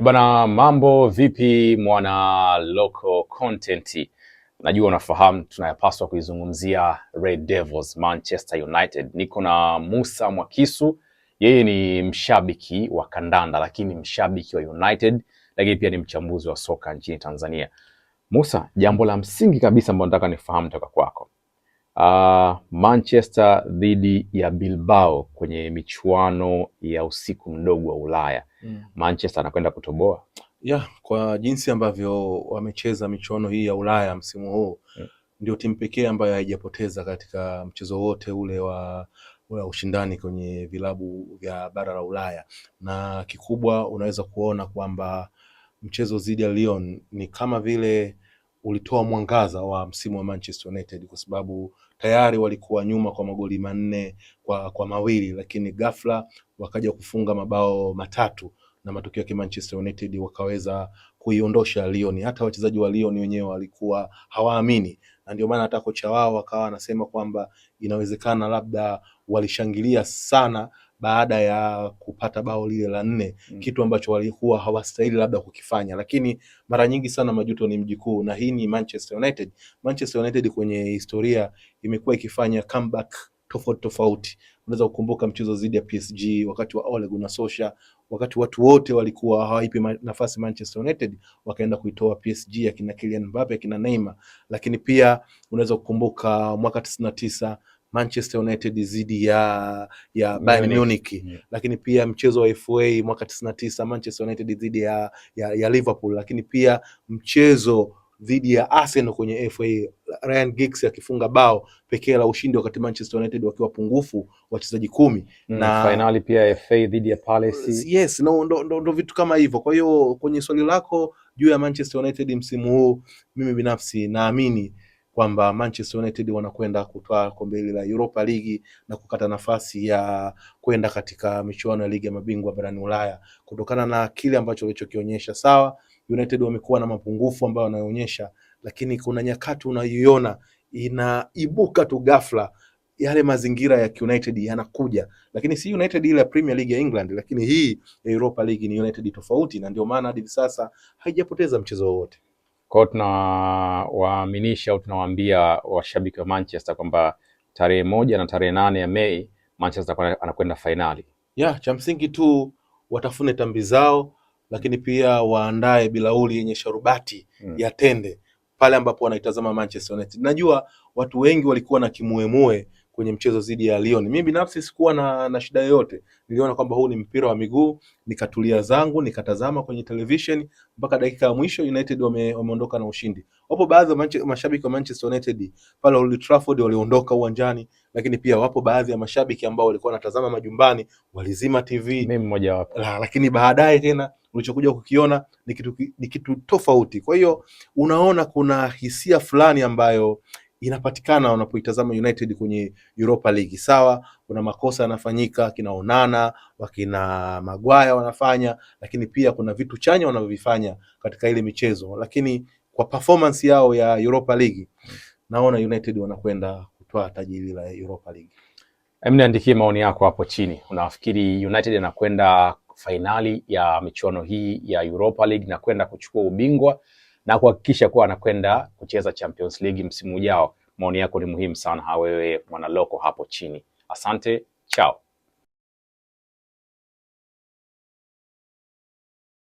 Eh, bana, mambo vipi mwana local content? Najua unafahamu tunayapaswa kuizungumzia Red Devils Manchester United. Niko na Musa Mwakisu, yeye ni mshabiki wa kandanda lakini mshabiki wa United, lakini pia ni mchambuzi wa soka nchini Tanzania. Musa, jambo la msingi kabisa ambalo nataka nifahamu toka kwako, Uh, Manchester dhidi ya Bilbao kwenye michuano ya usiku mdogo wa Ulaya mm. Manchester anakwenda kutoboa yeah, kwa jinsi ambavyo wamecheza michuano hii ya Ulaya msimu huu mm. Ndio timu pekee ambayo haijapoteza katika mchezo wote ule wa wa ushindani kwenye vilabu vya bara la Ulaya, na kikubwa unaweza kuona kwamba mchezo dhidi ya Lyon ni kama vile ulitoa mwangaza wa msimu wa Manchester United kwa sababu tayari walikuwa nyuma kwa magoli manne kwa, kwa mawili lakini ghafla wakaja kufunga mabao matatu na matokeo yake Manchester United wakaweza kuiondosha Lyon. Hata wachezaji wa Lyon wenyewe walikuwa hawaamini, na ndio maana hata kocha wao akawa anasema kwamba inawezekana labda walishangilia sana baada ya kupata bao lile la nne mm. kitu ambacho walikuwa hawastahili labda kukifanya, lakini mara nyingi sana majuto ni mji kuu, na hii ni Manchester United. Manchester United kwenye historia imekuwa ikifanya comeback tofauti tofauti. Unaweza kukumbuka mchezo dhidi ya PSG wakati wa Ole Gunnar Solskjaer, wakati watu wote walikuwa hawaipi nafasi Manchester United, wakaenda kuitoa PSG akina Kylian Mbappe akina Neymar. Lakini pia unaweza kukumbuka mwaka tisini na tisa Manchester United dhidi ya ya Bayern Munich Munich. yeah. Lakini pia mchezo wa FA mwaka tisini tisa Manchester United dhidi ya, ya, ya Liverpool, lakini pia mchezo dhidi ya Arsenal kwenye FA Ryan Giggs akifunga bao pekee la ushindi wakati Manchester United wakiwa pungufu wachezaji kumi mm, na finali pia FA dhidi ya Palace. Yes, no, ndo, ndo, ndo vitu kama hivyo. Kwa hiyo kwenye swali lako juu ya Manchester United msimu huu, mimi binafsi naamini kwamba Manchester United wanakwenda kutoa kombe hili la Europa League na kukata nafasi ya kwenda katika michuano ya ligi ya mabingwa barani Ulaya kutokana na kile ambacho walichokionyesha. Sawa, United wamekuwa na mapungufu ambayo wanaonyesha, lakini kuna nyakati unayoiona inaibuka tu ghafla yale mazingira ya United yanakuja, lakini si United ile ya Premier League ya England, lakini hii ya Europa League ni United tofauti, na ndio maana hadi sasa haijapoteza mchezo wowote. Kwa hiyo tunawaaminisha au tunawaambia washabiki wa Manchester kwamba tarehe moja na tarehe nane ya Mei Manchester anakwenda fainali. Yeah, cha msingi tu watafune tambi zao, lakini pia waandae bilauli yenye sharubati mm. ya tende pale ambapo wanaitazama Manchester United. Najua watu wengi walikuwa na kimuemue kwenye mchezo dhidi ya Lyon. Mimi binafsi sikuwa na, na shida yoyote, niliona kwamba huu ni mpira wa miguu, nikatulia zangu nikatazama kwenye television mpaka dakika ya mwisho. United wame, wameondoka na ushindi. Wapo baadhi ya mashabiki wa Manchester United pale Old Trafford waliondoka uwanjani, lakini pia wapo baadhi ya mashabiki ambao walikuwa wanatazama majumbani, walizima TV. Mimi mmoja wapo. La, lakini baadaye tena ulichokuja kukiona ni kitu, ni kitu tofauti. Kwa hiyo unaona kuna hisia fulani ambayo inapatikana unapoitazama United kwenye Europa League. Sawa, kuna makosa yanafanyika, Onana wakina Magwaya wanafanya, lakini pia kuna vitu chanya wanavyovifanya katika ile michezo, lakini kwa performance yao ya Europa League naona United wanakwenda kutoa taji hili la Europa League. Hebu niandikie maoni yako hapo chini, unafikiri United anakwenda fainali ya michuano hii ya Europa League na kwenda kuchukua ubingwa na kuhakikisha kuwa anakwenda kucheza Champions League msimu ujao. Maoni yako ni muhimu sana, hawewe mwanaloko hapo chini. Asante, chao.